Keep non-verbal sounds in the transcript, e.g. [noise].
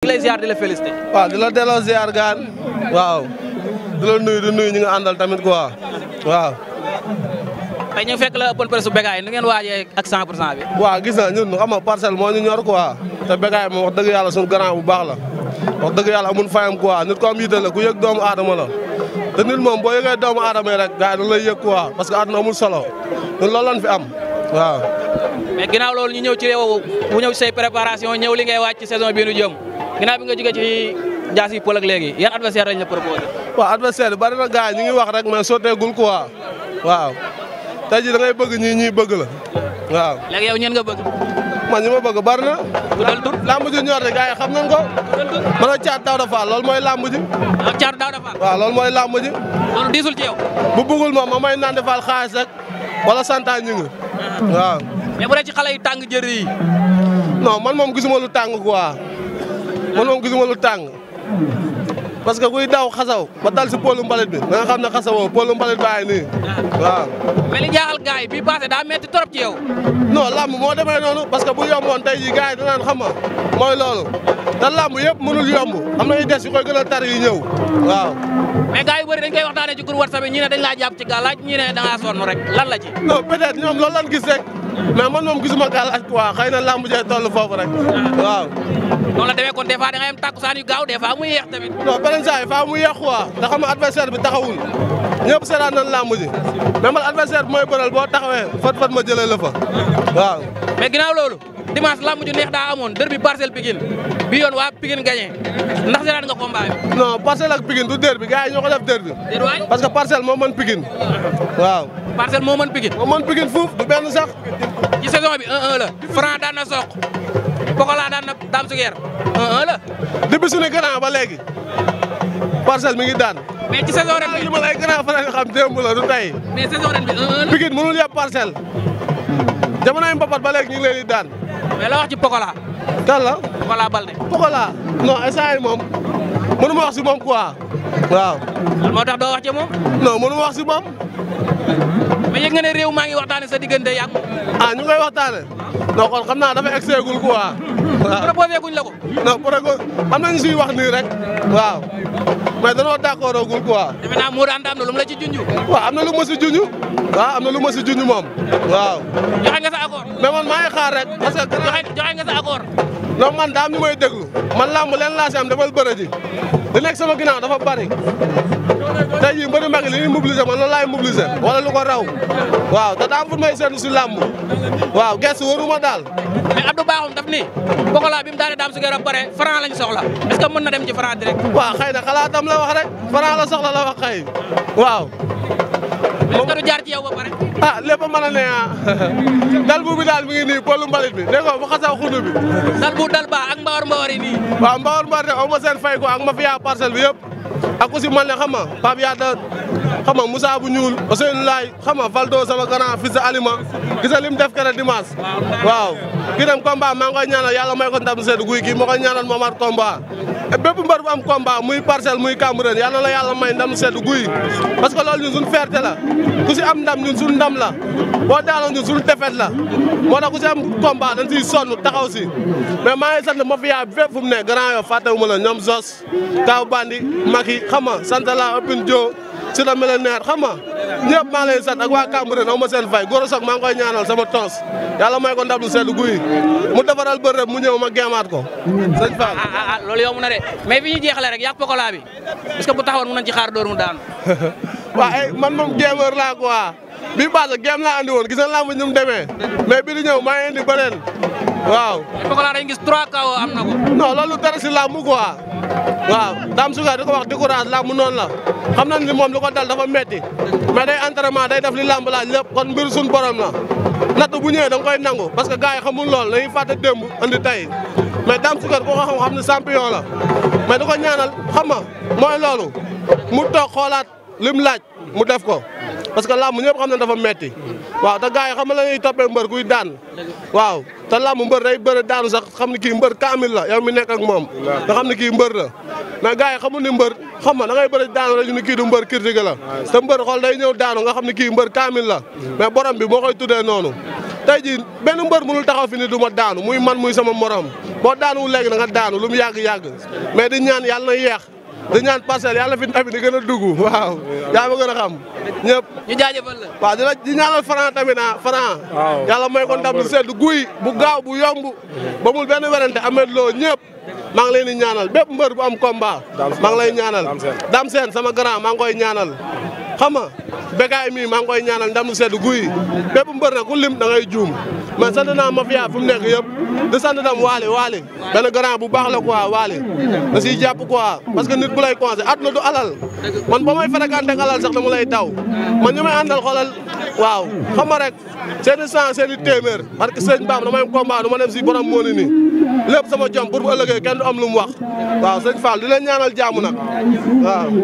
waaw di la delloo ziar gaal waaw di la nuyu di nuyu ñi nga àndal tamit quoi waaw. tey ñu fekk la open press su Bécaye nu ngeen waajee ak 100 pour cent bi. waaw gis na ñun xam nga parcelle moo ñu ñor quoi te Bécaye moom wax dëgg yàlla sunu grand bu baax la wax dëgg yàlla amul fayam quoi nit ko am la ku yëg doomu aadama la te nit moom boo yëgee doomu aadama yi rek gars yi dañu lay yëg quoi parce que àdduna solo ñun loolu lañ fi am waaw. mais ginnaaw loolu ñu ñëw ci réew bu ñëw say préparation ñëw li ngay wàcc ci saison bii nu jëm. ginnaaw bi nga jógee ci jaas yi pël ak léegi yan adversaire lañ la proposé. waaw adversaire bari na gars ñu ngi wax rek mais sotteegul quoi waaw tey jii da ngay bëgg ñii ñii bëgg la waaw. léegi yow ñeen nga bëgg. man ñi ma bëgg bari na. tuddal tur lamb xam nañ ko. tuddal tur man ak Thiatou Daouda Fall loolu mooy lamb ji. ak ah, Thiatou Daouda Fall. waaw loolu mooy lamb ji. loolu diisul ci yow. bu bëggul moom ma wala santaan ñu ngi. Ah. waaw. mais bu dee ci xale yu tàng yi. non man moom gisuma lu tàng quoi. man moom gisuma lu tàng parce que kuy daw xasaw ba dal si pôlu mbalit bi da nga xam ne xasawoo pôlu mbalit baa ngi nii waaw. mais li jaaxal gars yi bii passé daa metti trop ci yow. non làmb moo demee noonu parce que bu yomboon tey jii gars yi danaan xam ma mooy loolu te làmb yëpp mënul yomb am na yu des yu koy gën yi ñëw waaw. mais gars yu bëri dañ koy waxtaanee ci groupe dañ laa jàpp ci gàllaaj ñii ne da ngaa sonn rek lan la ci. non ñoom loolu lan gis rek. mais man moom gisuma gaal ak waa xëy na lamb jee toll foofu rek waaw. noonu la demee kon des fois da ngay am takkusaan yu gaaw des fois muy yéex tamit. non beneen saa yi faa muy yéex quoi ndax xam bi taxawul ñëpp seetaan nañ lamb ji mais man adversaire bi mooy bëral boo taxawee fat fat ma jëlee la fa waaw. mais ginnaaw loolu. dimanche lamb ju neex daa amoon derby parcelle Pikine bi yoon waa Pikine gagné ndax seetaan nga combat bi. non parcelle ak Pikine du derby gars yi ñoo ko def derby. derby parce que parcelle moo mën Pikine waaw. parcelle moo mën Pikine. moo mën Pikine fuuf du benn sax. ci saison bi 1-1 la Franc daan na soq Pokola daan na Dame Suguer 1-1 la. ba léegi parcelle mi ngi daan. mais ci saison ren bi li ma lay a faral di xam démb la du tey. mais ren bi 1-1 la. Pikine mënul yab parcelle ba léegi ñu ngi daan. mais la pokolaa ci Pokola. la Pokola Balde. Pokola non instant yii moom mënu ma wax si moom quoi waaw. moo tax doo wax ci moom. non ma wax si moom. mais yëg nga ne réew maa ngi waxtaane sa diggante yàgg. ah ñu ngi koy waxtaane non kon xam naa dafa exeegul quoi. waaw proposé guñ la ko. non proposé am nañu suy wax nii rek waaw. mais danoo d'accord agul quoi. defe naa Modou Anta am na lu mu la ci junj. waaw am na lu ma si junj. waaw am na lu ma si maa ngi xaar rek parce que. ndax man daam ñu may déglu man làmb leen laa si am dafal bëre ji li nekk sama ginnaaw dafa bari tey jii mbëri mag li ñuy mobiliser man loolu laay mobiliser wala lu ko raw waaw te daa may seetlu si làmb waaw gestu waruma daal mais Abdou Bakhoum daf ni Pokola bi mu daane daam su geer a pare Franc lañ soxla est mën na dem ci Franc direct waaw xëy na xalaatam la wax rek Franc la soxla la wax xëy waaw moom nga du jaar a ah, ne ah. [laughs] dal bu bi daal mi ngi nii boolu mbalit bi dégg nga bu xasaw xundu bi. dal bu dal ba ak mbawar mbawar yi nii. waaw mbawar bi yëpp ak aussi man ne xam nga Pape Yada xam bu ñuul Ousseynou Laye xam nga Valdo sama grand Alima gis li mu def keroog dimanche. waaw kii dem combat ñaanal yàlla may ko ndam sedd ñaanal Momar Tomba. bépp mbër bu am combat muy parcelle muy Cambérène yàlla la yàlla may ndam guy parce que loolu ñun suñu fierté la ku si am ndam ñun suñu ndam la boo daanoo ñun tefet la moo tax ku si am combat dañ siy sonn taxaw si mais maa ngi sant mafia bi fépp fu mu ne grand yoo fàttewuma la ñoom Zos Kaw Bandi Maki xam nga sant la Opine Dio si la millionnaire xam nga ñëpp maa lay sant ak waa Cambérène aw ma seen maa ngi koy ñaanal tons yàlla may ko ndam lu sedd guy mu defaral bër mu ñëw ma gémaat ko sëñ Fall ah ah, ah mais fi ñu jeexalee rek yàq pokola bi est-ce que bu taxawoon mën nañ ci xaar door mu daanu [laughs] waaye eh, man moom gémeur laa quoi bi baasa gém laa andi woon gis na lamb ñu mu demee mais bi di ñëw maa ngi indi beneen waaw. Pokola dañu gis 3 kaw am na ko. non loolu dara si làmb quoi waaw Dame Souga di ko wax décourage làmb noonu la xam nañ ni moom lu ko dal dafa me mais day entraînement day def li làmb laaj lépp kon mbir suñu borom la natt bu ñëwee da nga koy nangu parce que gars yi xamul lool dañuy fàtte démb andi tey mais Dame Souga ko xam xam ne champion la mais di ko ñaanal xam nga mooy loolu mu toog xoolaat lim laaj mu def ko. parce que làmb ñëpp xam ne dafa metti waaw te gars yi xam nga la ñuy toppee mbër kuy daan waaw te làmb mbër day bëri daanu sax xam ne kii mbër kaamil la yow mi nekk ak moom nga xam ne kii mbër la mais gars yi xamul ni mbër xam nga da ngay bëri daanu rek ñu ne kii du mbër critique la te mbër xool day ñëw daanu nga xam ne kii mbër kaamil la mais borom bi moo koy tuddee noonu tey jii benn mbër mënul taxaw fi ni du ma daanu muy man muy sama morom boo daanu léegi na nga lu mu yàgg-yàgg mais di ñaan yàlla na yeex di ñaan parcelle yàlla fi tamit di gën a dugg waaw yaa ma gën a xam ñëpp. ñu jaajëfal la. waaw di la di ñaanal Franc tamit ah Franc. waaw yàlla may ko ndam lu guy bu gaaw bu yomb. ba mul benn werante amet loo ñëpp. maa ngi leen di ñaanal bépp mbër bu am combat. maa ngi lay ñaanal Dame Sène sama grand maa ngi koy ñaanal. xam nga békaay mi maa ngi koy ñaanal ndam lu sedd guy bépp mbër nag ku lim da ngay juum. mais sant naa mafia fu mu nekk yëpp di sant tam waale waale benn grand bu baax la quoi waale da siy jàpp quoi parce que nit bu lay conseil at du alal man ba may fréquenté alal sax dama lay taw man ñu may àndal xoolal waaw xam nga rek seen i cent seen i téeméer parce que sëñ Bamba dama am combat du borom moo ni sama jom pour bu ëllëgee kenn du am lu mu wax waaw sëñ Fall di leen ñaanal jaamu nag waaw